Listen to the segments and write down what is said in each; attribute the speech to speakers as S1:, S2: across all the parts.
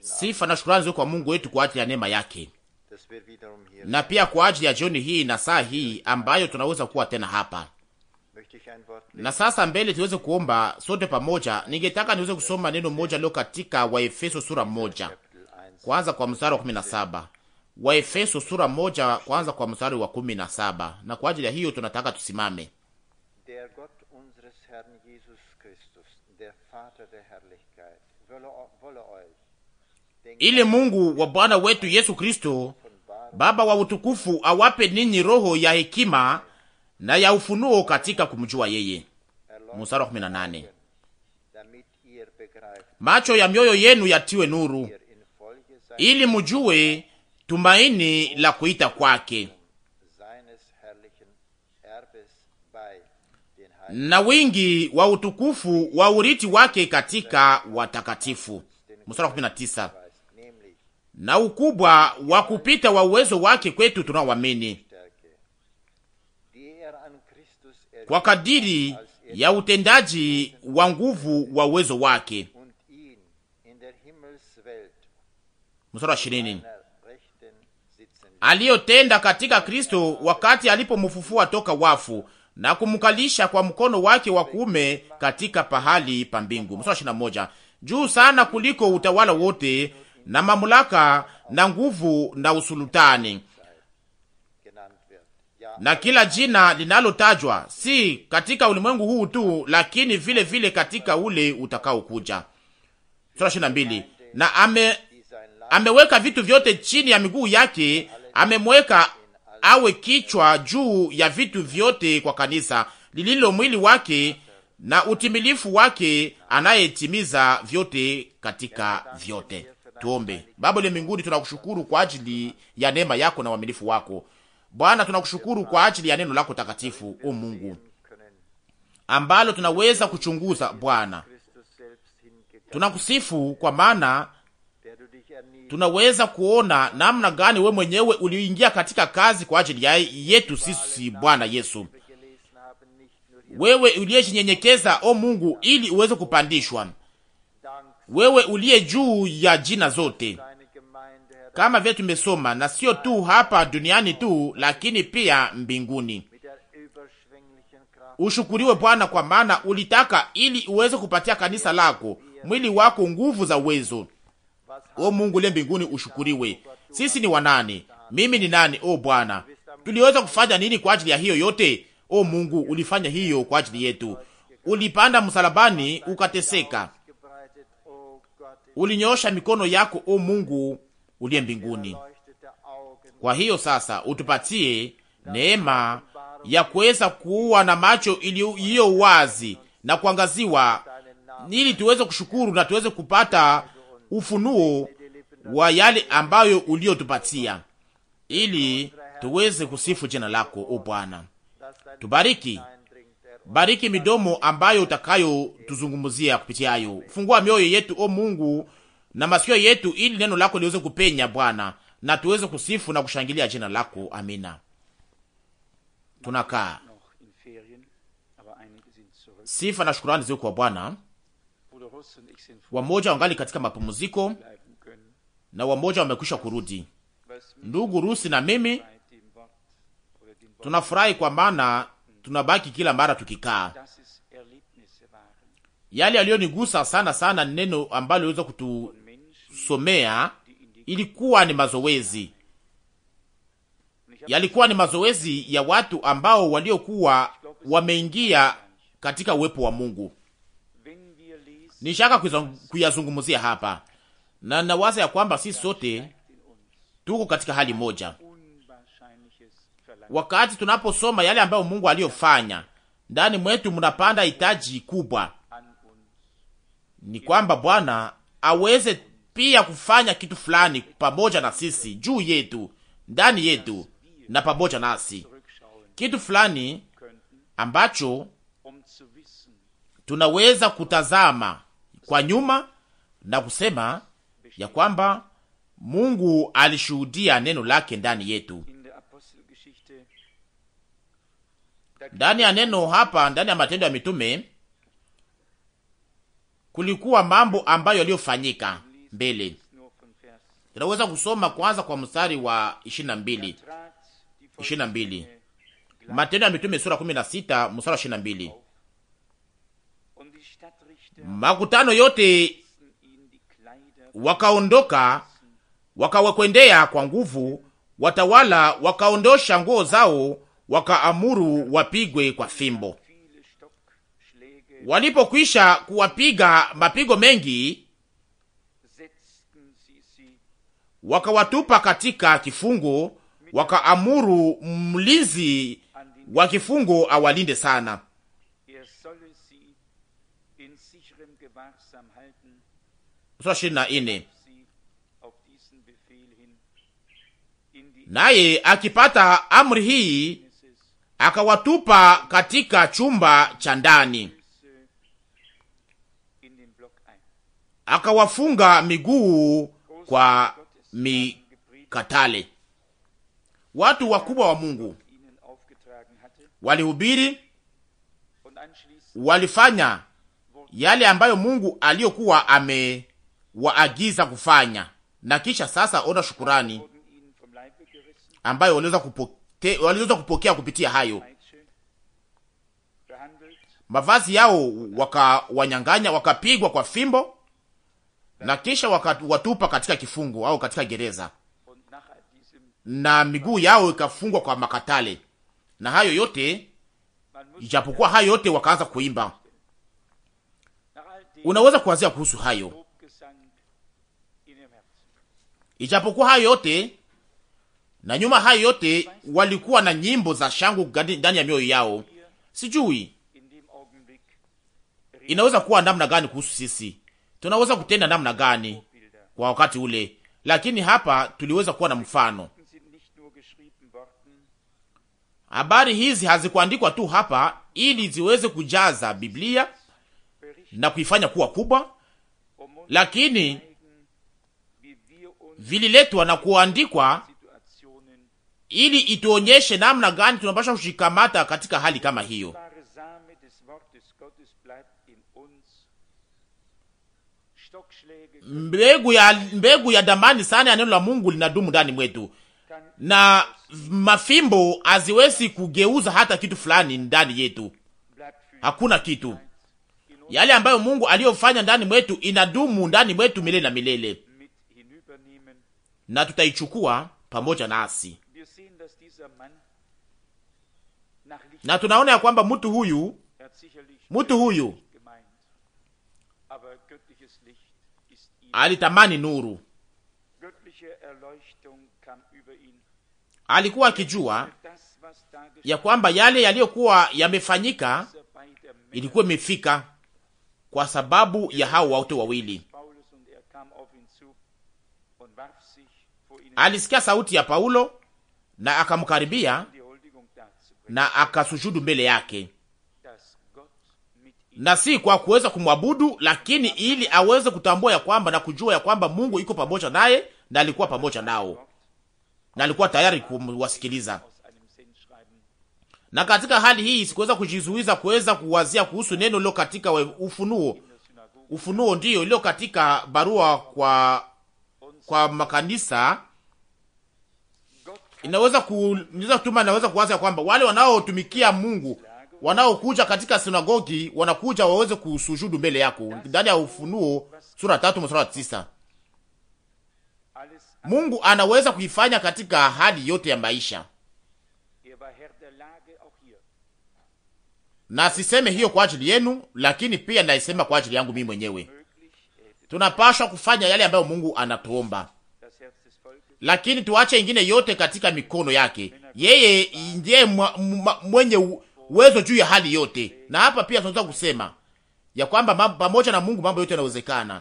S1: Sifa na shukrani zote kwa Mungu wetu kwa ajili ya neema yake na pia kwa ajili ya jioni hii na saa hii ambayo tunaweza kuwa tena hapa na sasa mbele tuweze kuomba sote pamoja. Ningetaka niweze kusoma neno moja leo katika Waefeso sura moja kwanza kwa mstari wa kumi na saba. Waefeso sura moja kwanza kwa mstari wa kumi na saba, na kwa ajili ya hiyo tunataka tusimame
S2: der Vater der Herrlichkeit, wolle euch,
S1: ili Mungu wa Bwana wetu Yesu Kristo, Baba wa utukufu, awape ninyi roho ya hekima na ya ufunuo katika kumjua yeye. Mstari wa 18, macho ya mioyo yenu yatiwe nuru, ili mjue tumaini la kuita kwake na wingi wa utukufu wa uriti wake katika watakatifu. Mstari na ukubwa wa kupita wa uwezo wake kwetu tunaoamini, kwa kadiri ya utendaji wa nguvu wa uwezo wake. Mstari wa aliyotenda katika Kristo wakati alipomfufua toka wafu na kumkalisha kwa mkono wake wa kuume katika pahali pa mbingu. Mstari ishirini na moja, juu sana kuliko utawala wote na mamlaka na nguvu na usultani na kila jina linalotajwa si katika ulimwengu huu tu, lakini vile vile katika ule utakaokuja. Sura ishirini na mbili. Na ame ameweka vitu vyote chini ya miguu yake, amemweka awe kichwa juu ya vitu vyote kwa kanisa lililo mwili wake na utimilifu wake, anayetimiza vyote katika vyote. Tuombe. Baba le mbinguni, tunakushukuru kwa ajili ya neema yako na uaminifu wako Bwana. Tunakushukuru kwa ajili ya neno lako takatifu, o Mungu, ambalo tunaweza kuchunguza. Bwana, tunakusifu kwa maana tunaweza kuona namna gani we mwenyewe uliingia katika kazi kwa ajili ya yetu sisi, Bwana Yesu. Wewe uliyejinyenyekeza o Mungu, ili uweze kupandishwa, wewe uliye juu ya jina zote, kama vile tumesoma, na sio tu hapa duniani tu, lakini pia mbinguni. Ushukuriwe Bwana, kwa maana ulitaka ili uweze kupatia kanisa lako mwili wako nguvu za uwezo O Mungu le mbinguni ushukuriwe. Sisi ni wanani? Mimi ni nani? O Bwana, tuliweza kufanya nini kwa ajili ya hiyo yote? O Mungu, ulifanya hiyo kwa ajili yetu. Ulipanda msalabani ukateseka, ulinyoosha mikono yako, o Mungu uliye mbinguni. Kwa hiyo sasa utupatie neema ya kuweza kuwa na macho iliyo wazi na kuangaziwa, ili tuweze kushukuru na tuweze kupata ufunuo wa yale ambayo uliotupatia, ili tuweze kusifu jina lako, o Bwana. Tubariki, bariki midomo ambayo utakayo tuzungumzia kupitiayo. Fungua mioyo yetu, o Mungu, na masikio yetu, ili neno lako liweze kupenya, Bwana, na tuweze kusifu na kushangilia jina lako. Amina. Tunakaa sifa na shukurani ziko kwa Bwana wamoja wangali katika mapumziko na wamoja wamekwisha kurudi. Ndugu Rusi na mimi tunafurahi kwa maana tunabaki kila mara tukikaa. Yale yaliyonigusa sana sana, ni neno ambalo liweza kutusomea ilikuwa ni mazoezi, yalikuwa ni mazoezi ya watu ambao waliokuwa wameingia katika uwepo wa Mungu nishaka kuyazungumzia hapa, na nawaza ya kwamba si sote tuko katika hali moja, wakati tunaposoma yale ambayo Mungu aliyofanya ndani mwetu, mnapanda hitaji kubwa, ni kwamba Bwana aweze pia kufanya kitu fulani pamoja na sisi, juu yetu, ndani yetu na pamoja nasi, kitu fulani ambacho tunaweza kutazama kwa nyuma na kusema ya kwamba Mungu alishuhudia neno lake ndani yetu, ndani ya neno hapa, ndani ya Matendo ya Mitume kulikuwa mambo ambayo yaliyofanyika mbele. Tunaweza kusoma kwanza kwa mstari wa 22. 22. Matendo ya Mitume sura 16 mstari wa 22 makutano yote wakaondoka, wakawakwendea kwa nguvu, watawala wakaondosha nguo zao, wakaamuru wapigwe kwa fimbo. Walipokwisha kuwapiga mapigo mengi, wakawatupa katika kifungo, wakaamuru mlinzi wa kifungo awalinde sana. naye akipata amri hii akawatupa katika chumba cha ndani, akawafunga miguu kwa mikatale. Watu wakubwa wa Mungu walihubiri, walifanya yale ambayo Mungu aliyokuwa ame waagiza kufanya, na kisha sasa ona shukurani ambayo waliweza kupokea, waliweza kupokea kupitia hayo mavazi yao, wakawanyang'anya, wakapigwa kwa fimbo na kisha wakawatupa katika kifungo au katika gereza, na miguu yao ikafungwa kwa makatale. Na hayo yote ijapokuwa hayo yote, wakaanza kuimba. Unaweza kuwazia kuhusu hayo Ijapokuwa hayo yote na nyuma hayo yote, walikuwa na nyimbo za shangu ndani ya mioyo yao. Sijui inaweza kuwa namna gani kuhusu sisi, tunaweza kutenda namna gani kwa wakati ule, lakini hapa tuliweza kuwa na mfano. Habari hizi hazikuandikwa tu hapa ili ziweze kujaza Biblia na kuifanya kuwa kubwa, lakini vililetwa na kuandikwa ili ituonyeshe namna gani tunapasha kushikamata katika hali kama hiyo. Mbegu ya, mbegu ya damani sana ya neno la Mungu linadumu ndani mwetu, na mafimbo haziwezi kugeuza hata kitu fulani ndani yetu. Hakuna kitu yale ambayo Mungu aliyofanya ndani mwetu inadumu ndani mwetu milele na milele na tutaichukua pamoja nasi.
S2: Na tunaona ya kwamba
S1: mtu huyu mtu huyu alitamani nuru, alikuwa akijua ya kwamba yale yaliyokuwa yamefanyika ilikuwa imefika kwa sababu ya hao wote wawili alisikia sauti ya Paulo na akamkaribia na akasujudu mbele yake, na si kwa kuweza kumwabudu, lakini ili aweze kutambua ya kwamba na kujua ya kwamba Mungu iko pamoja naye na alikuwa pamoja nao na alikuwa tayari kumwasikiliza. Na katika hali hii sikuweza kujizuiza kuweza kuwazia kuhusu neno lilo katika Ufunuo. Ufunuo ndiyo iliyo katika barua kwa kwa makanisa inaweza ku, inaweza kutuma inaweza kuwaza kwamba wale wanaotumikia Mungu wanaokuja katika sinagogi wanakuja waweze kusujudu mbele yako, ndani ya Ufunuo sura tatu mstari wa tisa. Mungu anaweza kuifanya katika hali yote ya maisha, na siseme hiyo kwa ajili yenu, lakini pia naisema kwa ajili yangu mimi mwenyewe. Tunapaswa kufanya yale ambayo Mungu anatuomba lakini tuache ingine yote katika mikono yake. Yeye ndiye mwenye uwezo juu ya hali yote, na hapa pia tunaweza kusema ya kwamba pamoja na Mungu mambo yote yanawezekana.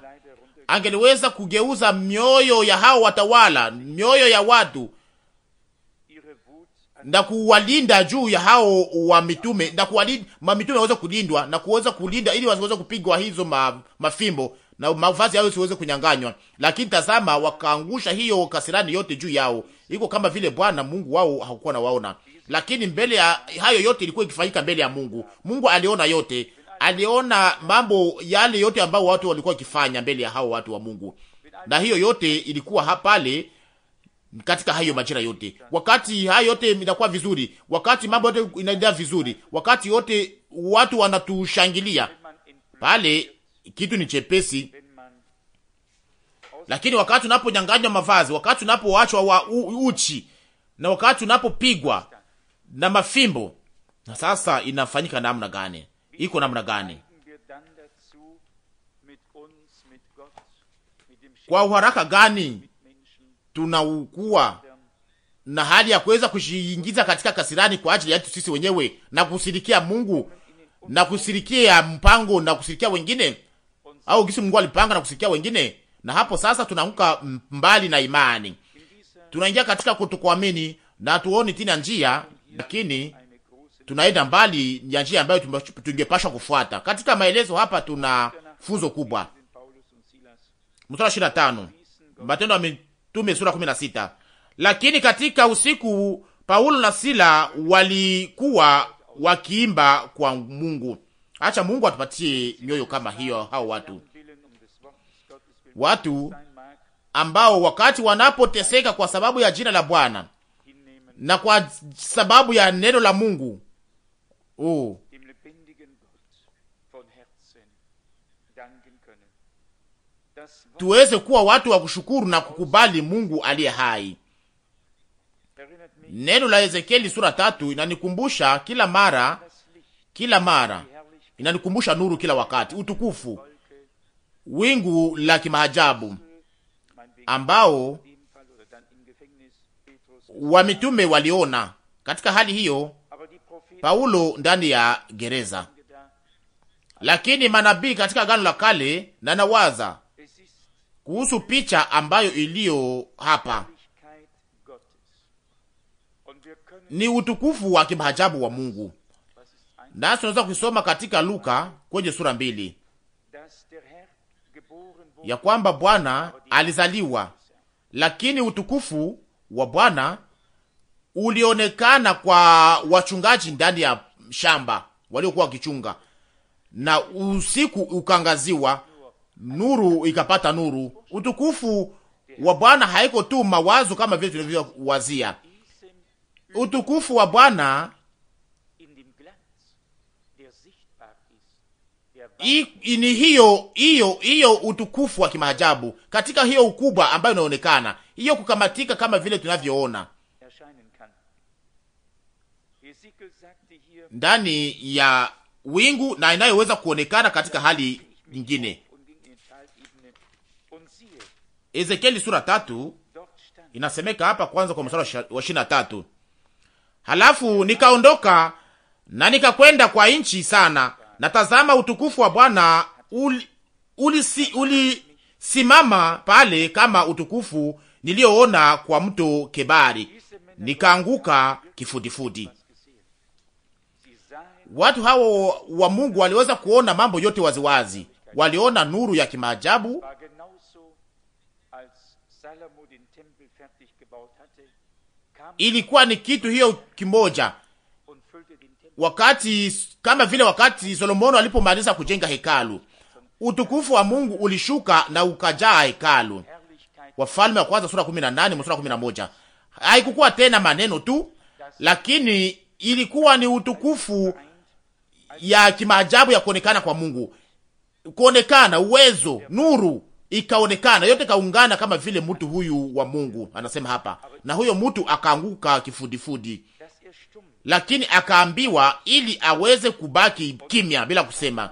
S1: Angeliweza kugeuza mioyo ya hao watawala, mioyo ya watu na kuwalinda juu ya hao wa mitume na kuwalinda mamitume waweze kulindwa na kuweza kulinda ili wasiweze kupigwa hizo ma, mafimbo na mavazi yao siweze kunyanganywa. Lakini tazama, wakaangusha hiyo kasirani yote juu yao, iko kama vile Bwana Mungu wao hakukuwa na waona. Lakini mbele ya hayo yote ilikuwa ikifanyika mbele ya Mungu. Mungu aliona yote, aliona mambo yale yote ambao watu walikuwa wakifanya mbele ya hao watu wa Mungu, na hiyo yote ilikuwa hapale katika hayo majira yote, wakati hayo yote inakuwa vizuri, wakati mambo yote inaendelea vizuri, wakati yote watu wanatushangilia pale kitu ni chepesi, lakini wakati unaponyanganywa mavazi, wakati unapoachwa wa uchi, na wakati unapopigwa na mafimbo, na sasa inafanyika namna gani? Iko namna gani? Kwa uharaka gani tunaukua na hali ya kuweza kujiingiza katika kasirani kwa ajili yetu sisi wenyewe na kusirikia Mungu na kusirikia mpango na kusirikia wengine au gisi Mungu alipanga na kusikia wengine. Na hapo sasa tunaanguka mbali na imani, tunaingia katika kutokuamini na tuoni tena njia, lakini tunaenda mbali ya njia ambayo tungepashwa kufuata. Katika maelezo hapa tuna funzo kubwa. Mstari ishirini na tano Matendo ya Mitume sura kumi na sita lakini katika usiku Paulo na Sila walikuwa wakiimba kwa Mungu Acha Mungu atupatie mioyo kama hiyo, hao watu watu ambao wakati wanapoteseka kwa sababu ya jina la Bwana na kwa sababu ya neno la Mungu oh, tuweze kuwa watu wa kushukuru na kukubali Mungu aliye hai. Neno la Ezekieli sura tatu inanikumbusha kila mara, kila mara inanikumbusha nuru kila wakati, utukufu, wingu la kimaajabu ambao wamitume waliona. Katika hali hiyo, Paulo ndani ya gereza, lakini manabii katika Agano la Kale, na nawaza kuhusu picha ambayo iliyo hapa ni utukufu wa kimaajabu wa Mungu nasi tunaweza kuisoma katika Luka kwenye sura mbili ya kwamba Bwana alizaliwa, lakini utukufu wa Bwana ulionekana kwa wachungaji ndani ya shamba waliokuwa wakichunga, na usiku ukangaziwa nuru ikapata nuru. Utukufu wa Bwana haiko tu mawazo kama vile tulivyowazia. Utukufu wa Bwana ni hiyo hiyo hiyo utukufu wa kimaajabu katika hiyo ukubwa ambayo inaonekana hiyo kukamatika kama vile tunavyoona ndani ya wingu na inayoweza kuonekana katika hali nyingine. Ezekieli sura tatu inasemeka hapa kwanza kwa mstari wa ishirini na tatu halafu nikaondoka na nikakwenda kwa nchi sana na tazama, utukufu wa Bwana ulisimama uli pale kama utukufu niliyoona kwa mto Kebari, nikaanguka kifudifudi. Watu hao wa Mungu waliweza kuona mambo yote waziwazi Waliona nuru ya kimaajabu ilikuwa ni kitu hiyo kimoja wakati kama vile wakati solomoni alipomaliza kujenga hekalu, utukufu wa Mungu ulishuka na ukajaa hekalu. Wafalme wa kwanza sura 18 mstari 11. Haikukuwa tena maneno tu, lakini ilikuwa ni utukufu ya kimaajabu ya kuonekana kwa Mungu, kuonekana uwezo, nuru ikaonekana, yote kaungana, kama vile mtu huyu wa Mungu anasema hapa, na huyo mtu akaanguka kifudifudi lakini akaambiwa ili aweze kubaki kimya bila kusema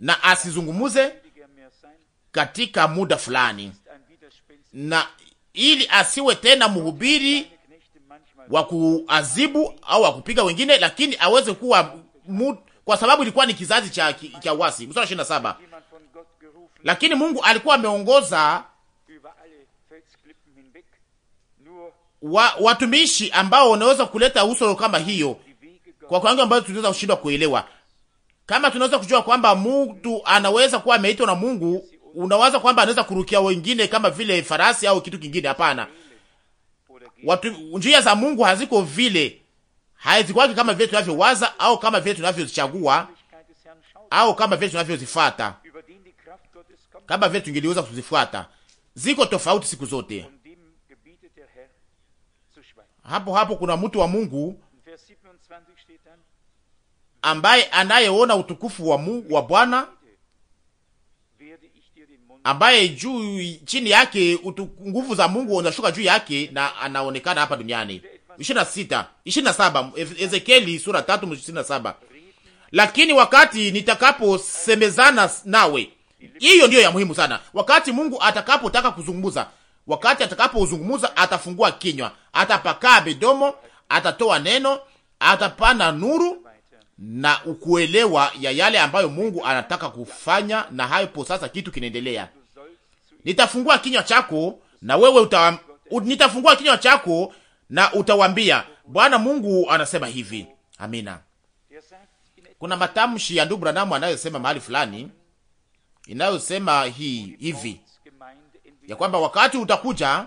S1: na asizungumuze katika muda fulani, na ili asiwe tena mhubiri wa kuazibu au wa kupiga wengine, lakini aweze kuwa mu, kwa sababu ilikuwa ni kizazi cha, cha uasi. Mstari 27, lakini Mungu alikuwa ameongoza wa, watumishi ambao wanaweza kuleta uso kama hiyo kwa kwangu ambayo tunaweza kushindwa kuelewa. Kama tunaweza kujua kwamba mtu anaweza kuwa ameitwa na Mungu, unawaza kwamba anaweza kurukia wengine kama vile farasi au kitu kingine? Hapana, watu njia za Mungu haziko vile, hazikwake kama vile tunavyowaza au kama vile tunavyozichagua au kama vile tunavyozifuata, kama vile tungeliweza kuzifuata. Ziko tofauti siku zote hapo hapo kuna mtu wa Mungu ambaye anayeona utukufu wa mu, wa Bwana ambaye juu chini yake nguvu za Mungu zinashuka juu yake na anaonekana hapa duniani. 26 27 Ezekieli sura 3 27. Lakini wakati nitakaposemezana nawe, hiyo ndiyo ya muhimu sana. Wakati Mungu atakapotaka kuzungumza, wakati atakapozungumza atafungua kinywa, atapakaa midomo, atatoa neno, atapana nuru na ukuelewa ya yale ambayo Mungu anataka kufanya. Na hapo sasa kitu kinaendelea, nitafungua kinywa chako na wewe uta, nitafungua kinywa chako na utawambia, Bwana Mungu anasema hivi. Amina. Kuna matamshi ya ndugu Branamu anayosema mahali fulani inayosema hii hivi ya kwamba wakati utakuja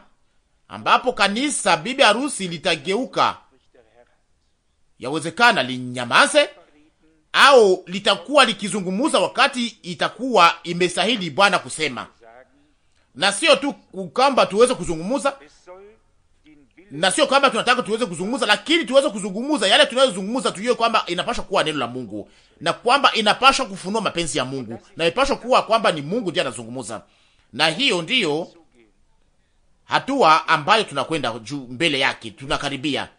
S1: ambapo kanisa bibi harusi litageuka, yawezekana linyamaze au litakuwa likizungumuza wakati itakuwa imestahili Bwana kusema, na sio tu kwamba tuweze kuzungumuza, na sio kwamba tunataka tuweze kuzungumuza, lakini tuweze kuzungumuza yale tunayozungumuza, tujue kwamba inapashwa kuwa neno la Mungu na kwamba inapashwa kufunua mapenzi ya Mungu na inapasha kuwa kwamba ni Mungu ndiye anazungumuza na hiyo ndiyo hatua ambayo tunakwenda juu mbele yake, tunakaribia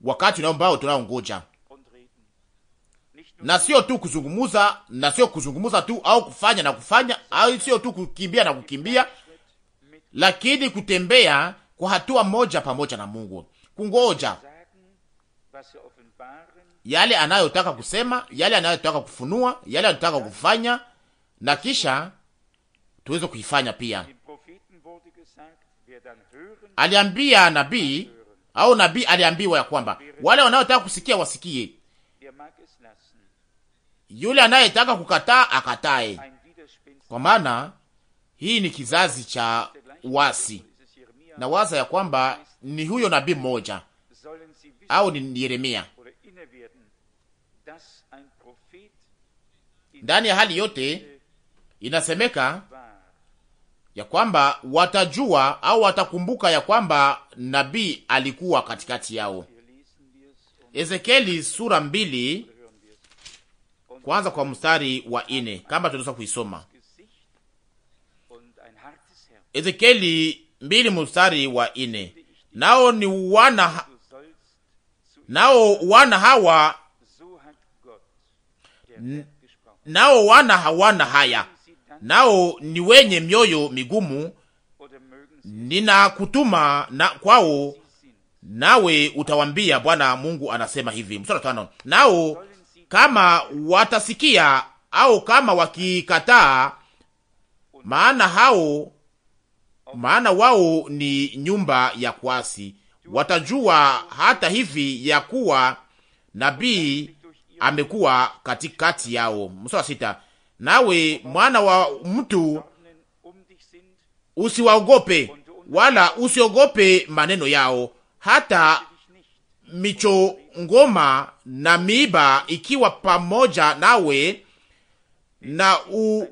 S1: wakati ambao tunaongoja, na sio tu kuzungumuza, na sio kuzungumuza tu au kufanya na kufanya, au sio tu kukimbia na kukimbia, lakini kutembea kwa hatua moja pamoja na Mungu, kungoja yale anayotaka kusema, yale anayotaka kufunua, yale anayotaka kufanya, na kisha tuweze kuifanya pia. Aliambia nabii au nabii aliambiwa ya kwamba wale wanaotaka kusikia wasikie, yule anayetaka kukataa akatae, kwa maana hii ni kizazi cha wasi. Na waza ya kwamba ni huyo nabii mmoja au ni Yeremia. Ndani ya hali yote inasemeka ya kwamba watajua au watakumbuka ya kwamba nabii alikuwa katikati yao. Ezekieli sura mbili kwanza kwa mstari wa ine, kama tunaweza kuisoma Ezekieli mbili mstari wa ine. Nao ni wana nao wana hawa nao wana hawana haya nao ni wenye mioyo migumu, kutuma na kwao, nawe utawambia Bwana Mungu anasema hivi. Mstari tano, nao kama watasikia au kama wakikataa, maana hao maana wao ni nyumba ya kwasi watajua hata hivi ya kuwa nabii amekuwa katikati yao. Mstari sita, nawe mwana wa mtu, usiwaogope wala usiogope maneno yao, hata michongoma na miiba ikiwa pamoja nawe na u,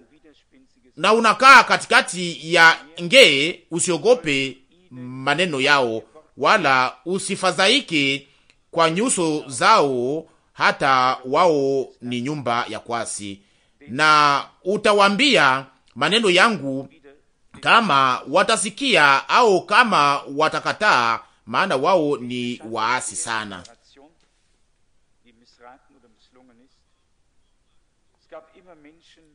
S1: na unakaa katikati ya ngee, usiogope maneno yao wala usifadhaike kwa nyuso zao, hata wao ni nyumba ya kwasi na utawambia maneno yangu, kama watasikia au kama watakataa, maana wao ni waasi sana.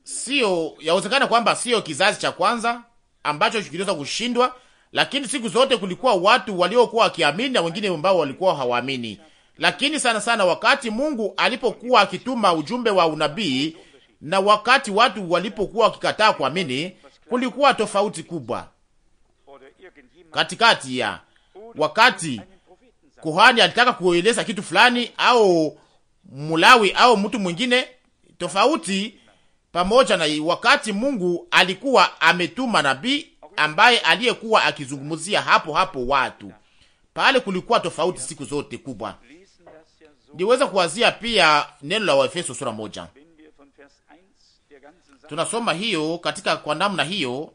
S1: Sio yawezekana kwamba sio kizazi cha kwanza ambacho kiliweza kushindwa, lakini siku zote kulikuwa watu waliokuwa wakiamini na wengine ambao walikuwa hawaamini. Lakini sana sana wakati Mungu alipokuwa akituma ujumbe wa unabii na wakati watu walipokuwa wakikataa kuamini, kulikuwa tofauti kubwa katikati ya wakati kuhani alitaka kueleza kitu fulani au Mulawi au mtu mwingine tofauti, pamoja na wakati Mungu alikuwa ametuma nabii ambaye aliyekuwa akizungumzia hapo hapo watu pale, kulikuwa tofauti siku zote kubwa. Niweza kuwazia pia neno la Waefeso sura moja tunasoma hiyo katika kwa namna hiyo,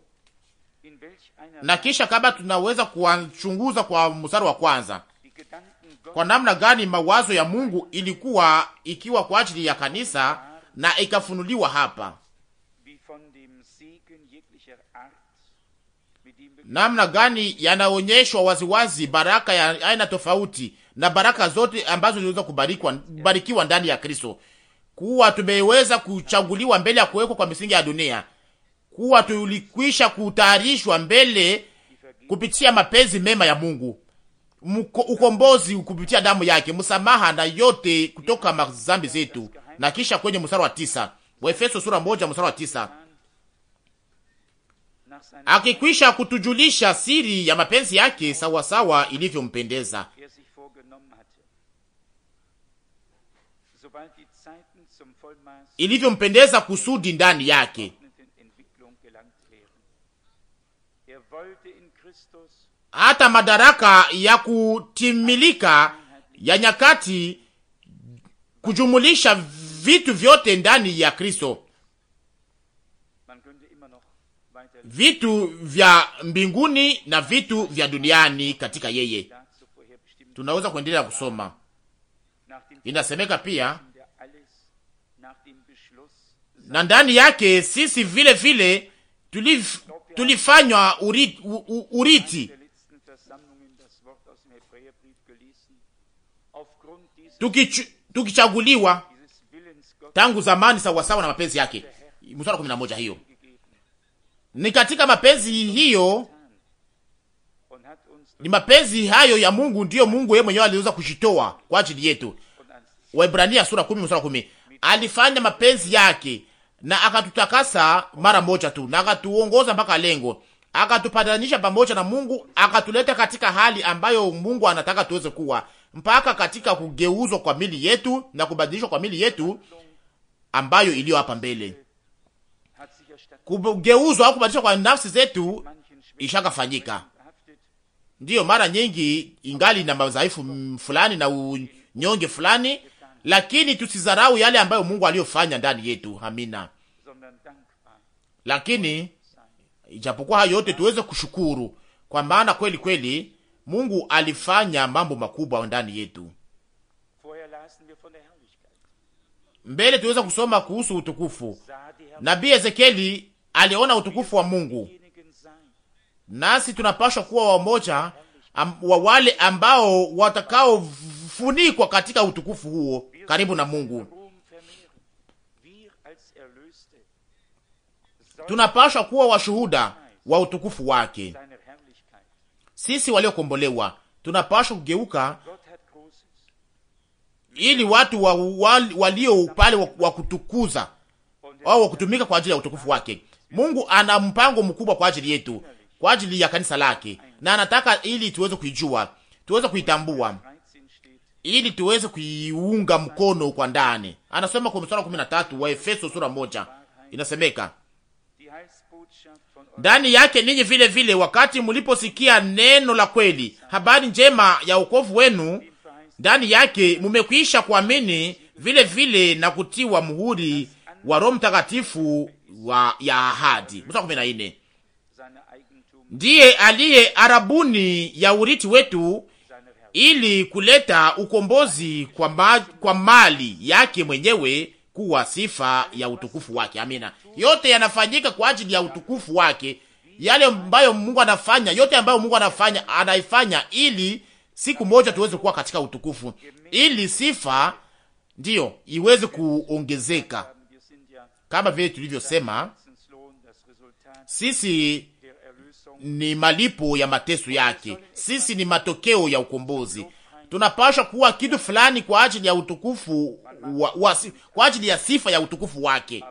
S1: na kisha kama tunaweza kuwachunguza kwa mstari wa kwanza, kwa namna gani mawazo ya Mungu ilikuwa ikiwa kwa ajili ya kanisa na ikafunuliwa hapa, namna gani yanaonyeshwa waziwazi baraka ya aina tofauti na baraka zote ambazo ziliweza kubarikiwa ndani ya Kristo kuwa tumeweza kuchaguliwa mbele ya kuwekwa kwa misingi ya dunia, kuwa tulikwisha kutayarishwa mbele kupitia mapenzi mema ya Mungu, Muko, ukombozi kupitia damu yake, msamaha na yote kutoka mazambi zetu. Na kisha kwenye mstari wa tisa Waefeso sura moja mstari wa tisa akikwisha kutujulisha siri ya mapenzi yake sawa sawa ilivyompendeza ilivyompendeza kusudi ndani yake. Hata madaraka ya kutimilika ya nyakati kujumulisha vitu vyote ndani ya Kristo, vitu vya mbinguni na vitu vya duniani katika yeye. Tunaweza kuendelea kusoma, inasemeka pia na ndani yake sisi vile vile tulif, tulifanywa uriti, tukichaguliwa tangu zamani sawasawa na mapenzi yake. Mstari kumi na moja. Hiyo ni katika mapenzi hiyo, ni mapenzi hayo ya Mungu, ndiyo Mungu yeye mwenyewe aliweza kushitoa kwa ajili yetu. Waebrania sura kumi mstari kumi, alifanya mapenzi yake na akatutakasa mara moja tu, na akatuongoza mpaka lengo, akatupatanisha pamoja na Mungu, akatuleta katika hali ambayo Mungu anataka tuweze kuwa, mpaka katika kugeuzwa kwa mili yetu na kubadilishwa kwa mili yetu ambayo iliyo hapa mbele. Kugeuzwa au kubadilishwa kwa nafsi zetu ishakafanyika. Ndiyo, mara nyingi ingali na madhaifu fulani na unyonge fulani lakini tusizarau yale ambayo Mungu aliyofanya ndani yetu. Amina. Lakini ijapokuwa hayo yote, tuweze kushukuru kwa maana kweli kweli Mungu alifanya mambo makubwa ndani yetu. Mbele tuweza kusoma kuhusu utukufu. Nabii Ezekieli aliona utukufu wa Mungu, nasi tunapashwa kuwa wamoja wa wale ambao watakao kufunikwa katika utukufu huo karibu na Mungu. Tunapashwa kuwa washuhuda wa utukufu wake. Sisi waliokombolewa tunapashwa kugeuka ili watu wa, wa, walio upale wa, wa kutukuza au wa kutumika kwa ajili ya utukufu wake. Mungu ana mpango mkubwa kwa ajili yetu, kwa ajili ya kanisa lake, na anataka ili tuweze kuijua, tuweze kuitambua ili tuweze kuiunga mkono kwa ndani. Anasema kwa mstari wa 13 wa Efeso sura moja inasemeka ndani yake ninyi vile vile, wakati mliposikia neno la kweli, habari njema ya wokovu wenu, ndani yake mumekwisha kuamini vile vile na kutiwa muhuri wa Roho Mtakatifu wa ya ahadi. Mstari 14 ndiye aliye arabuni ya uriti wetu ili kuleta ukombozi kwa, ma, kwa mali yake mwenyewe kuwa sifa ya utukufu wake. Amina. Yote yanafanyika kwa ajili ya utukufu wake. Yale ambayo Mungu anafanya, yote ambayo Mungu anafanya, anaifanya ili siku moja tuweze kuwa katika utukufu, ili sifa ndiyo iweze kuongezeka. Kama vile tulivyosema sisi ni malipo ya mateso yake. Sisi ni matokeo ya ukombozi. Tunapaswa kuwa kitu fulani kwa ajili ya utukufu wa, wa, kwa ajili ya sifa ya utukufu wake.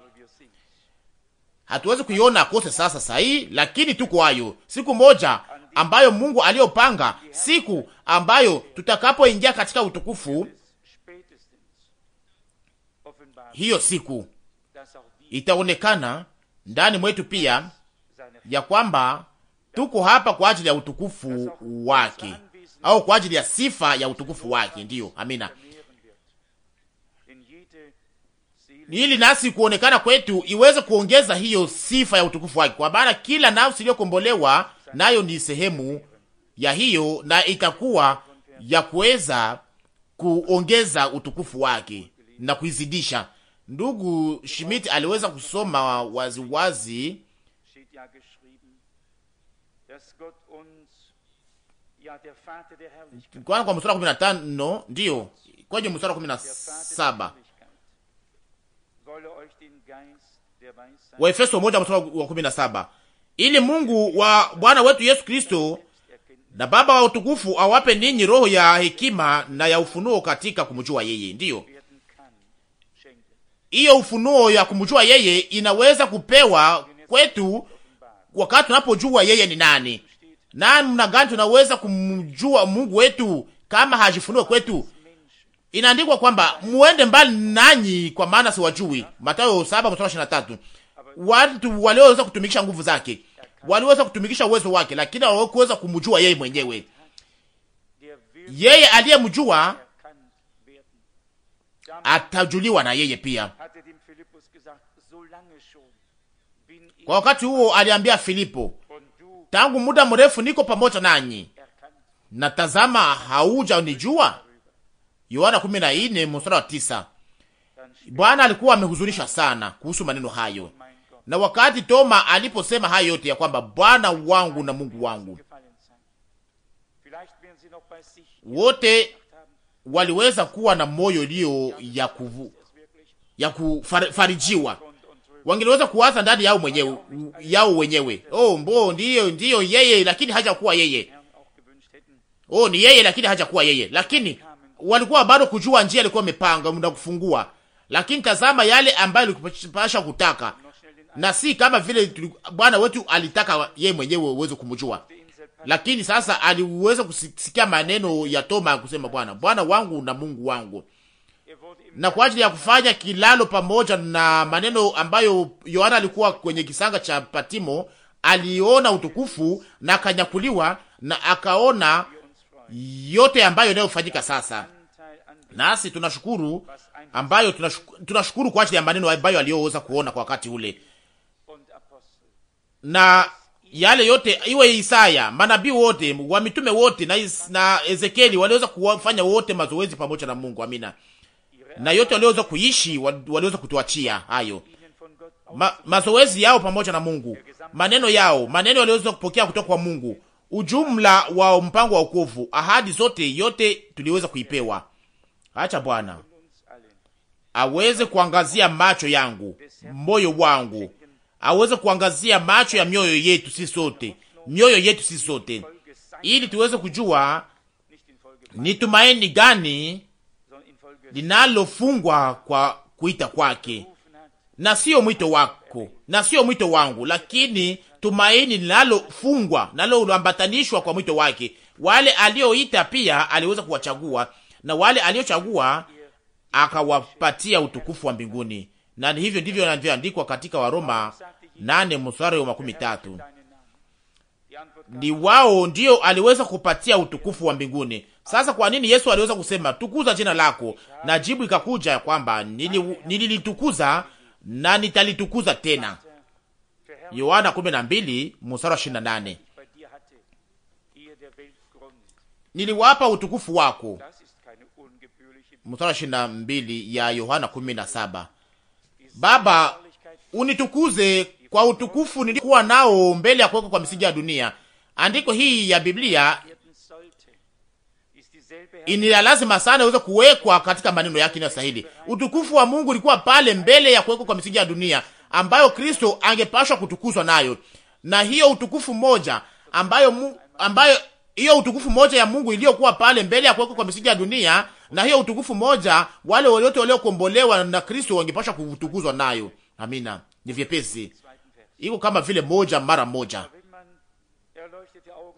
S1: Hatuwezi kuiona kose sasa sahi, lakini tuko hayo siku moja ambayo Mungu aliyopanga, siku ambayo tutakapoingia katika utukufu. Hiyo siku itaonekana ndani mwetu pia ya kwamba Tuko hapa kwa ajili ya utukufu wake au kwa ajili ya sifa ya utukufu wake. Ndiyo, amina. Ili nasi kuonekana kwetu iweze kuongeza hiyo sifa ya utukufu wake, kwa maana kila nafsi iliyokombolewa nayo ni sehemu ya hiyo, na itakuwa ya kuweza kuongeza utukufu wake na kuizidisha. Ndugu Schmidt aliweza kusoma waziwazi Kwanza kwa mstari wa kumi na tano ndiyo kwenye mstari wa kumi na saba Waefeso moja mstari wa kumi na saba ili Mungu wa Bwana wetu Yesu Kristo na Baba wa utukufu awape ninyi roho ya hekima na ya ufunuo katika kumjua yeye. Ndiyo hiyo ufunuo ya kumjua yeye inaweza kupewa kwetu wakati tunapojua yeye ni nani, namna gani tunaweza kumjua Mungu wetu kama hajifunua kwetu? Inaandikwa kwamba muende mbali nanyi, kwa maana siwajui. Mathayo 7:23. Watu walioweza kutumikisha nguvu zake, waliweza kutumikisha uwezo wake, lakini hawakuweza kumjua yeye mwenyewe. Yeye aliyemjua atajuliwa na yeye pia. Kwa wakati huo aliambia Filipo, tangu muda mrefu niko pamoja nanyi, na tazama, unijua. Yohana 14 mstari wa tisa. Bwana alikuwa amehuzunishwa sana kuhusu maneno hayo, na wakati Toma aliposema hayo yote ya kwamba Bwana wangu na Mungu wangu, wote waliweza kuwa na moyo iliyo ya kuvu, ya kufarijiwa wangeliweza kuwaza ndani yao mwenyewe yao wenyewe, oh mbo, ndiyo ndiyo yeye, lakini hajakuwa yeye. Oh, ni yeye, lakini hajakuwa yeye, lakini walikuwa bado kujua njia alikuwa amepanga na kufungua, lakini tazama yale ambayo ilipasha kutaka, na si kama vile Bwana wetu alitaka yeye mwenyewe uweze kumjua. Lakini sasa aliweza kusikia maneno ya Toma kusema, Bwana Bwana wangu na Mungu wangu na kwa ajili ya kufanya kilalo pamoja na maneno ambayo Yohana alikuwa kwenye kisanga cha Patimo, aliona utukufu na akanyakuliwa na akaona yote ambayo inayofanyika sasa. Nasi tunashukuru ambayo tunashukuru, tunashukuru kwa ajili ya maneno ambayo aliyoweza kuona kwa wakati ule na yale yote iwe Isaya, manabii wote wa mitume wote na, na Ezekieli waliweza kufanya wote mazoezi pamoja na Mungu. Amina na yote walioweza kuishi waliweza kutuachia hayo Ma, mazoezi yao pamoja na Mungu, maneno yao, maneno yaliweza kupokea kutoka kwa Mungu, ujumla wa mpango wa wokovu, ahadi zote, yote tuliweza kuipewa. Acha Bwana aweze kuangazia macho yangu, moyo wangu, aweze kuangazia macho ya mioyo yetu sisi sote, mioyo yetu sisi sote, ili tuweze kujua ni tumaini gani linalofungwa kwa kuita kwake, na sio mwito wako na sio mwito wangu, lakini tumaini linalofungwa naloambatanishwa kwa mwito wake. Wale alioita pia aliweza kuwachagua, na wale aliochagua akawapatia utukufu wa mbinguni, na hivyo ndivyo inavyoandikwa katika Waroma nane mstari wa makumi tatu. Ni wao ndio aliweza kupatia utukufu wa mbinguni. Sasa kwa nini Yesu aliweza kusema tukuza jina lako? Na jibu ikakuja kwamba nililitukuza nili na nitalitukuza tena. Yohana 12 mstari wa 28. Niliwapa utukufu wako. Mstari wa 22 ya Yohana 17. Baba, unitukuze kwa utukufu nilikuwa nao mbele ya kuwekwa kwa misingi ya dunia. Andiko hii ya Biblia ni lazima sana iweze kuwekwa katika maneno yake inayostahili. Utukufu wa Mungu ulikuwa pale mbele ya kuwekwa kwa misingi ya dunia, ambayo Kristo angepashwa kutukuzwa nayo, na hiyo utukufu moja ambayo ambayo hiyo utukufu moja ya Mungu iliyokuwa pale mbele ya kuwekwa kwa misingi ya dunia, na hiyo utukufu moja wale wote waliokombolewa na Kristo wangepashwa kutukuzwa nayo. Amina. Ni vyepesi, iko kama vile moja mara moja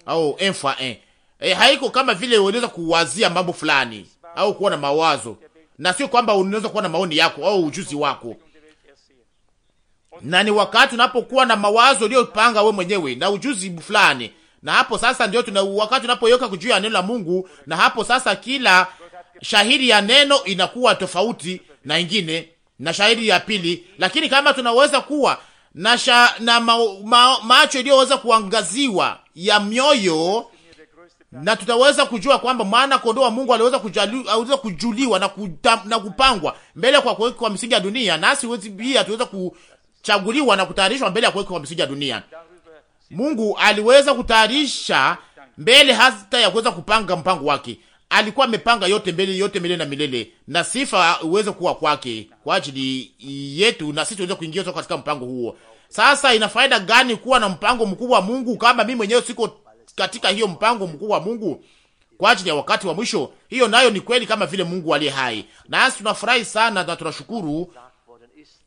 S1: au enfa, eh E, haiko kama vile unaweza kuwazia mambo fulani au kuwa na mawazo, na sio kwamba unaweza kuwa na maoni yako au ujuzi wako, na ni wakati unapokuwa na mawazo uliyopanga wewe mwenyewe na ujuzi fulani, na hapo sasa ndio tuna wakati unapoyoka kujua ya neno la Mungu, na hapo sasa kila shahidi ya neno inakuwa tofauti na ingine na shahidi ya pili, lakini kama tunaweza kuwa na, sha, na ma, ma, macho iliyoweza kuangaziwa ya mioyo na tutaweza kujua kwamba mwana kondoo wa Mungu aliweza kujaliwa kujuliwa na, kuta, na kupangwa mbele kwa kuwekwa kwa misingi ya dunia, nasi wezi pia tuweza kuchaguliwa na kutayarishwa mbele ya kuwekwa kwa misingi ya dunia. Mungu aliweza kutayarisha mbele hata ya kuweza kupanga mpango wake. Alikuwa amepanga yote mbele yote milele na milele, na sifa uweze kuwa kwake kwa ajili yetu, na sisi tuweze kuingia katika mpango huo. Sasa ina faida gani kuwa na mpango mkubwa wa Mungu kama mimi mwenyewe siko katika hiyo mpango mkuu wa Mungu kwa ajili ya wakati wa mwisho. Hiyo nayo ni kweli kama vile Mungu aliye hai, nasi tunafurahi sana na tunashukuru,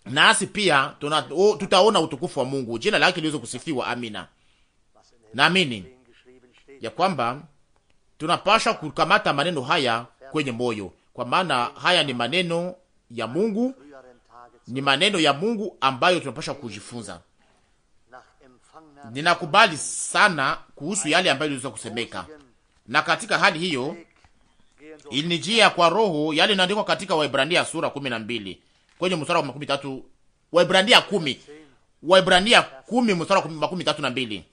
S1: nasi pia tuna, o, tutaona utukufu wa Mungu. Jina lake liweze kusifiwa. Amina. Naamini ya kwamba tunapasha kukamata maneno haya kwenye moyo, kwa maana haya ni maneno ya Mungu, ni maneno ya Mungu ambayo tunapasha kujifunza. Ninakubali sana kuhusu yale ambayo iliweza kusemeka, na katika hali hiyo ilinijia kwa roho yale inaandikwa katika Waibrania sura kumi na mbili kwenye mstari wa makumi tatu Waibrania kumi Waibrania kumi mstari wa makumi tatu na mbili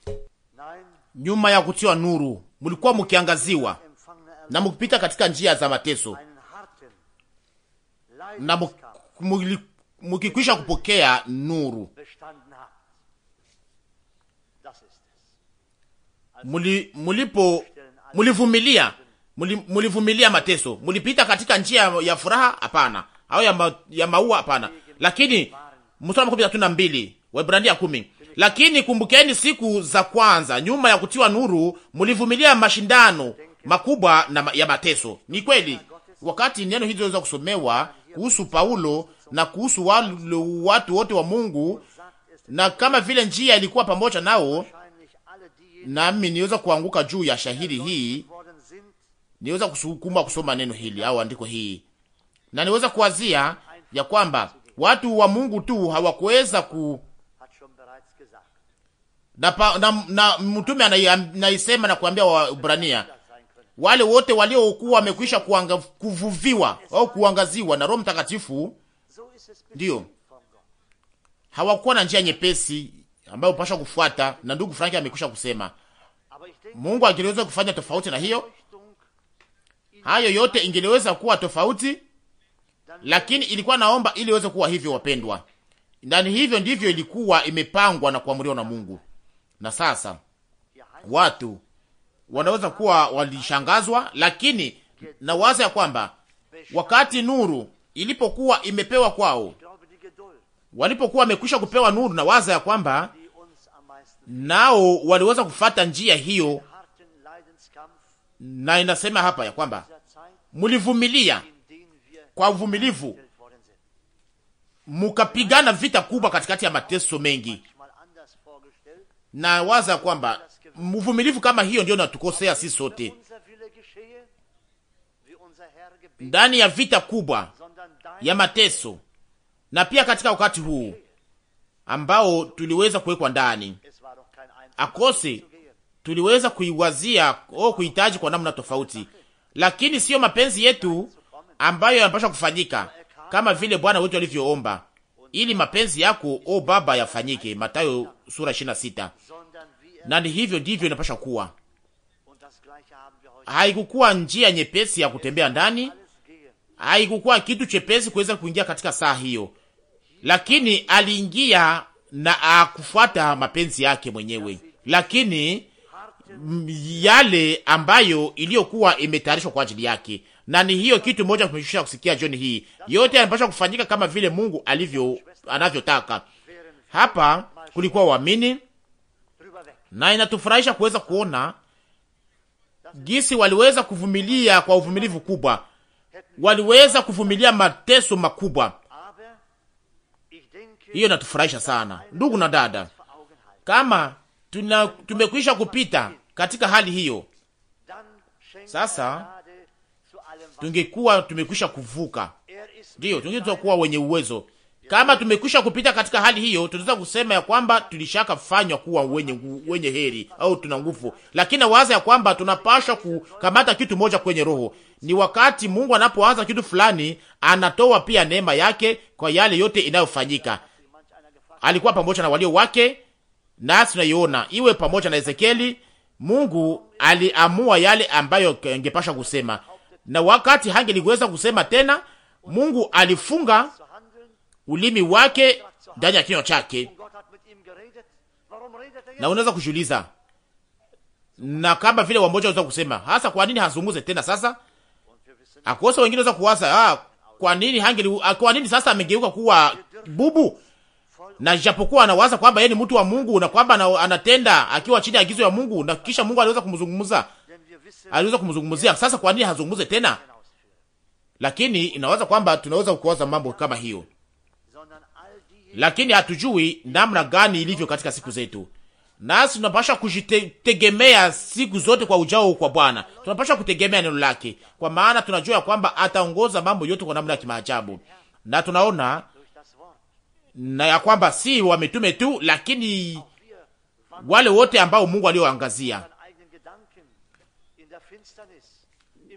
S1: nyuma ya kutiwa nuru mlikuwa mkiangaziwa na mkipita katika njia za mateso na mkikwisha kupokea nuru muli, mulipo mulivumilia mulivumilia mateso, mulipita katika njia ya furaha? Hapana, au ya, ma, ya maua? Hapana. Lakini mstari makumi tatu na mbili Waebrania kumi, lakini kumbukeni siku za kwanza nyuma ya kutiwa nuru, mulivumilia mashindano makubwa na ya mateso. Ni kweli, wakati neno hili iliweza kusomewa kuhusu Paulo na kuhusu watu wote wa Mungu, na kama vile njia ilikuwa pamoja nao nami niweza kuanguka juu ya shahiri hii, niweza kusukuma kusoma neno hili au andiko hii, na niweza kuwazia ya kwamba watu wa Mungu tu hawakuweza ku na, pa, na, na mtume anaisema na kuambia Waebrania wale wote waliokuwa wamekwisha kuvuviwa au kuangaziwa na Roho Mtakatifu, ndio hawakuwa na njia nyepesi ambayo upasha kufuata, na ndugu Franki amekwisha kusema. Mungu angeliweza kufanya tofauti na hiyo, hayo yote ingeliweza kuwa tofauti, lakini ilikuwa naomba ili iweze kuwa hivyo, wapendwa, Ndani hivyo ndivyo ilikuwa imepangwa na kuamriwa na Mungu. Na sasa watu wanaweza kuwa walishangazwa, lakini na waza ya kwamba wakati nuru ilipokuwa imepewa kwao, walipokuwa wamekwisha kupewa nuru, na waza ya kwamba nao waliweza kufata njia hiyo, na inasema hapa ya kwamba mulivumilia kwa uvumilivu, mukapigana vita kubwa katikati ya mateso mengi. Na waza kwamba mvumilivu kama hiyo ndio natukosea sisi sote ndani ya vita kubwa ya mateso, na pia katika wakati huu ambao tuliweza kuwekwa ndani akose, tuliweza kuiwazia au kuhitaji kwa namna tofauti, lakini sio mapenzi yetu ambayo yanapaswa kufanyika kama vile Bwana wetu alivyoomba, ili mapenzi yako o Baba yafanyike, Mathayo sura 26. Na ni hivyo ndivyo inapaswa kuwa. Haikukuwa njia nyepesi ya kutembea ndani, haikukuwa kitu chepesi kuweza kuingia katika saa hiyo, lakini aliingia na akufuata mapenzi yake mwenyewe lakini mm, yale ambayo iliyokuwa imetayarishwa kwa ajili yake, na ni hiyo kitu moja tumeshusha kusikia jioni hii. Yote yanapaswa kufanyika kama vile Mungu alivyo anavyotaka. Hapa kulikuwa waamini, na inatufurahisha kuweza kuona gisi waliweza kuvumilia kwa uvumilivu kubwa, waliweza kuvumilia mateso makubwa. Hiyo inatufurahisha sana, ndugu na dada, kama tuna tumekwisha kupita katika hali hiyo. Sasa tungekuwa tumekwisha kuvuka, ndiyo tungekuwa kuwa wenye uwezo. Kama tumekwisha kupita katika hali hiyo, tunaweza kusema ya kwamba tulishaka fanywa kuwa wenye, wenye heri au tuna nguvu, lakini waza ya kwamba tunapasha kukamata kitu moja kwenye roho. Ni wakati Mungu anapoanza kitu fulani, anatoa pia neema yake kwa yale yote inayofanyika. Alikuwa pamoja na walio wake nasi tunaiona iwe pamoja na Ezekieli. Mungu aliamua yale ambayo angepasha kusema, na wakati hangeliweza kusema tena, Mungu alifunga ulimi wake ndani ya kinywa chake. Na unaweza kujiuliza, na kama vile wamoja waweza kusema hasa, kwa nini hazunguze tena sasa? Akosa wengine waweza kuwaza ah, kwa nini hangeli, kwa nini sasa amegeuka kuwa bubu? na japokuwa anawaza kwamba yeye ni mtu wa Mungu na kwamba anatenda akiwa chini ya agizo ya Mungu, na kisha Mungu aliweza kumzungumza, aliweza kumzungumzia. Sasa kwa nini hazungumze tena? Lakini inaweza kwamba tunaweza kuwaza mambo kama hiyo, lakini hatujui namna gani ilivyo katika siku zetu, nasi tunapasha kujitegemea siku zote kwa ujao kwa Bwana. Tunapasha kutegemea neno lake, kwa maana tunajua kwamba ataongoza mambo yote kwa namna ya kimaajabu, na tunaona na ya kwamba si wa mitume tu, lakini wale wote ambao Mungu alioangazia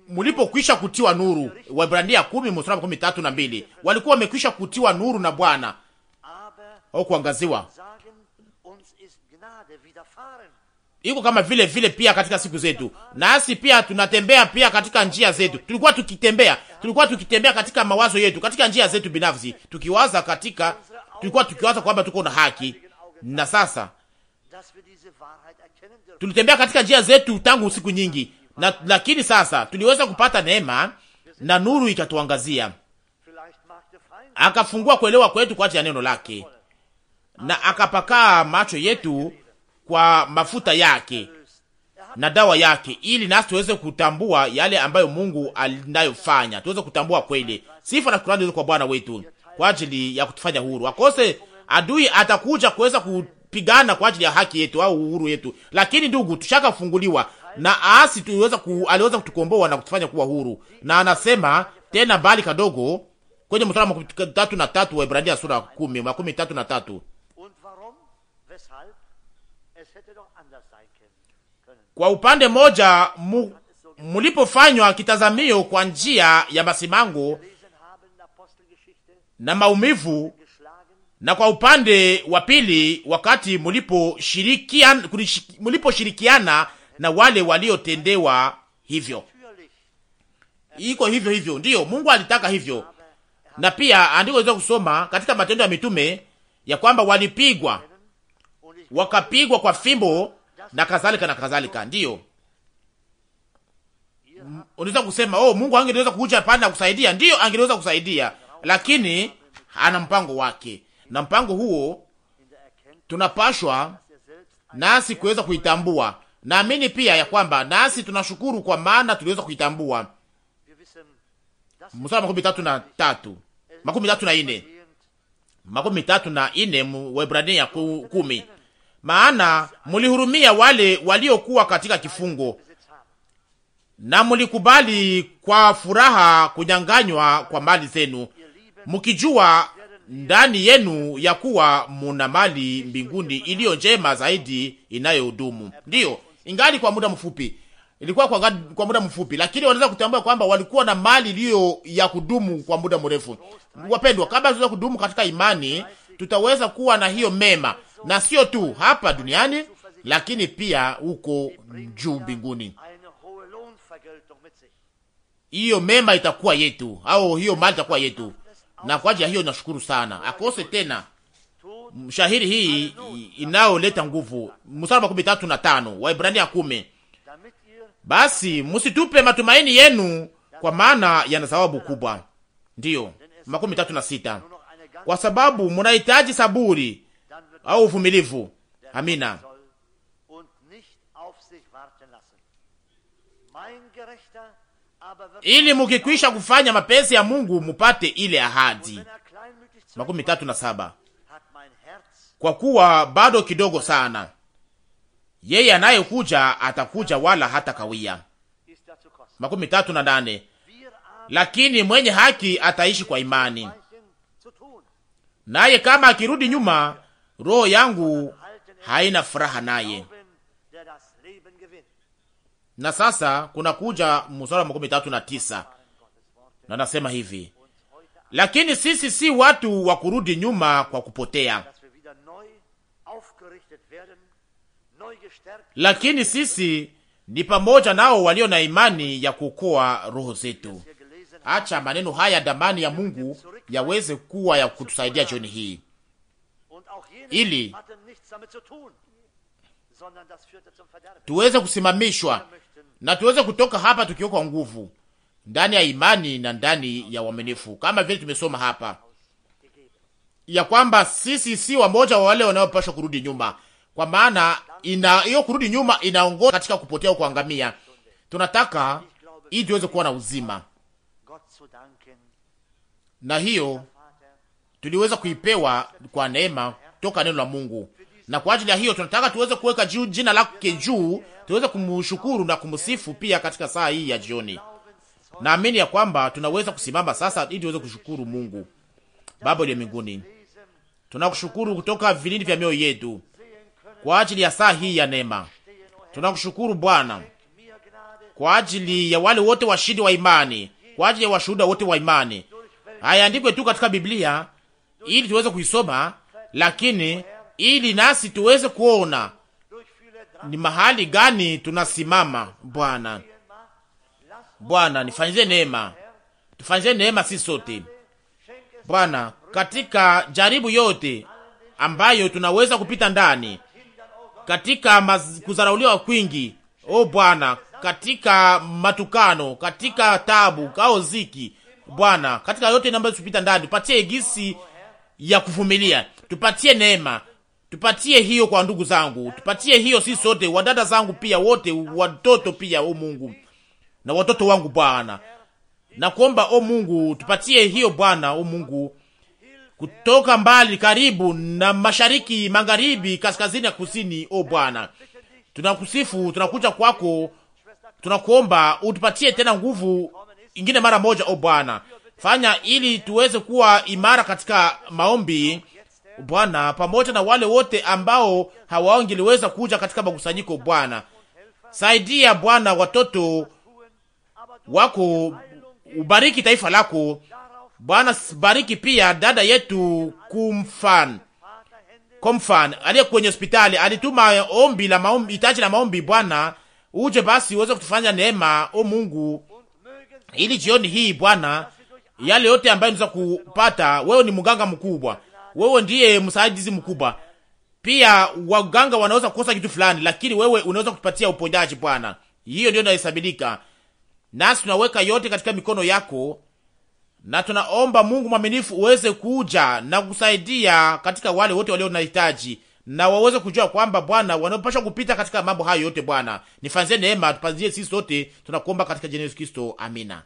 S1: mulipokwisha kutiwa nuru. Waebrania kumi mstari makumi tatu na mbili walikuwa wamekwisha kutiwa nuru na Bwana au kuangaziwa. Iko kama vile vile pia katika siku zetu, nasi pia tunatembea pia katika njia zetu. Tulikuwa tukitembea, tulikuwa tukitembea katika mawazo yetu, katika njia zetu binafsi, tukiwaza katika tulikuwa tukiwaza kwamba tuko na haki, na sasa tulitembea katika njia zetu tangu siku nyingi na, lakini sasa tuliweza kupata neema na nuru ikatuangazia, akafungua kuelewa kwetu kwa ajili ya neno lake na akapakaa macho yetu kwa mafuta yake na dawa yake, ili nasi tuweze kutambua yale ambayo Mungu alinayofanya, tuweze kutambua kweli. Sifa na shukrani kwa Bwana wetu kwa ajili ya kutufanya huru. Akose adui atakuja kuweza kupigana kwa ajili ya haki yetu au uhuru yetu, lakini ndugu, tushaka funguliwa na asi tuweza ku, aliweza kutukomboa na kutufanya kuwa huru. Na anasema tena mbali kadogo kwenye mstari wa makumi tatu na tatu wa Ibrania sura ya kumi makumi tatu na tatu kwa upande moja mu, mulipofanywa kitazamio kwa njia ya masimango na maumivu, na kwa upande wa pili, wakati mliposhirikiana mliposhirikiana na wale waliotendewa hivyo. Iko hivyo hivyo, ndiyo Mungu alitaka hivyo, na pia andiko liweza kusoma katika Matendo ya Mitume ya kwamba walipigwa wakapigwa kwa fimbo na kadhalika na kadhalika. Ndiyo unaweza kusema oh, Mungu angeweza kuja na kusaidia. Ndiyo, angeweza kusaidia, lakini ana mpango wake, na mpango huo tunapashwa nasi kuweza kuitambua. Naamini pia ya kwamba nasi tunashukuru kwa maana tuliweza kuitambua. Mstari makumi tatu na tatu makumi tatu na ine makumi tatu na ine ya kumi maana mulihurumia wale waliokuwa katika kifungo na mulikubali kwa furaha kunyang'anywa kwa mali zenu, mkijua ndani yenu ya kuwa muna mali mbinguni iliyo njema zaidi inayohudumu. Ndiyo, ingali kwa muda mfupi, ilikuwa kwa, kwa muda mfupi, lakini wanaweza kutambua kwamba walikuwa na mali iliyo ya kudumu kwa muda mrefu. Wapendwa, kabla tuweza kudumu katika imani, tutaweza kuwa na hiyo mema, na sio tu hapa duniani, lakini pia huko juu mbinguni. Hiyo mema itakuwa yetu, au hiyo mali itakuwa yetu na kwa ajili ya hiyo nashukuru sana. Akose tena shahiri hii inayoleta nguvu, msalaba makumi tatu na tano Waibrania kumi, basi msitupe matumaini yenu, kwa maana yana sababu kubwa. Ndiyo makumi tatu na sita kwa sababu mnahitaji saburi au uvumilivu. Amina ili mukikwisha kufanya mapenzi ya Mungu mupate ile ahadi. makumi tatu na saba. Kwa kuwa bado kidogo sana, yeye anayekuja atakuja wala hata kawia. makumi tatu na nane. Lakini mwenye haki ataishi kwa imani, naye kama akirudi nyuma, roho yangu haina furaha naye. Na sasa kuna kuja msura wa makumi tatu na tisa na nasema hivi, lakini sisi si watu wa kurudi nyuma kwa kupotea, lakini sisi ni pamoja nao walio na imani ya kuokoa roho zetu. Acha maneno haya damani ya Mungu yaweze kuwa ya kutusaidia jioni hii, ili tuweze kusimamishwa na tuweze kutoka hapa tukiwa kwa nguvu ndani ya imani na ndani ya uaminifu, kama vile tumesoma hapa ya kwamba sisi si wamoja wa wale wanaopaswa kurudi nyuma, kwa maana ina hiyo kurudi nyuma inaongoza katika kupotea, kuangamia. Tunataka ili tuweze kuwa na uzima, na hiyo tuliweza kuipewa kwa neema toka neno la Mungu, na kwa ajili ya hiyo tunataka tuweze kuweka juu jina lake juu tuweze kumshukuru na kumsifu pia katika saa hii ya jioni. Naamini ya kwamba tunaweza kusimama sasa ili tuweze kushukuru Mungu Baba uliye mbinguni. Tunakushukuru kutoka vilindi vya mioyo yetu kwa ajili ya saa hii ya neema. Tunakushukuru Bwana kwa ajili ya wale wote washindi wa imani, kwa ajili ya washuhuda wote wa imani. Hayaandikwe tu katika Biblia ili tuweze kuisoma, lakini ili nasi tuweze kuona ni mahali gani tunasimama. Bwana, Bwana nifanyie neema, tufanyie neema sisi sote Bwana, katika jaribu yote ambayo tunaweza kupita ndani, katika kuzarauliwa kwingi, o Bwana, katika matukano, katika tabu kao ziki, Bwana, katika yote ambayo tupita ndani, tupatie gisi ya kuvumilia, tupatie neema Tupatie hiyo kwa ndugu zangu, tupatie hiyo sisi sote, wadada zangu pia wote, watoto pia, o oh Mungu na watoto wangu Bwana, na kuomba o oh Mungu, tupatie hiyo Bwana, o oh Mungu, kutoka mbali, karibu na mashariki, magharibi, kaskazini na kusini. O Bwana, tunakusifu, tunakuja kwako, tunakuomba utupatie tena nguvu ingine mara moja. O Bwana, fanya ili tuweze kuwa imara katika maombi Bwana, pamoja na wale wote ambao hawangeliweza kuja katika makusanyiko. Bwana, saidia Bwana watoto wako, ubariki taifa lako Bwana, bariki pia dada yetu Kumfan Komfan aliye kwenye hospitali, alituma ombi la maombi, itaji la maombi. Bwana, uje basi uweze kutufanya neema, o Mungu, ili jioni hii Bwana, yale yote ambayo tunaweza kupata, wewe ni mganga mkubwa wewe ndiye msaidizi mkubwa. Pia waganga wanaweza kukosa kitu fulani, lakini wewe unaweza kutupatia uponyaji Bwana. Hiyo ndio inahesabika, nasi tunaweka yote katika mikono yako, na tunaomba Mungu mwaminifu uweze kuja na kusaidia katika wale wote walio nahitaji na waweze kujua kwamba Bwana wanapaswa kupita katika mambo hayo yote. Bwana nifanzie neema tupazie sisi sote, tunakuomba katika jina la Yesu Kristo, amina.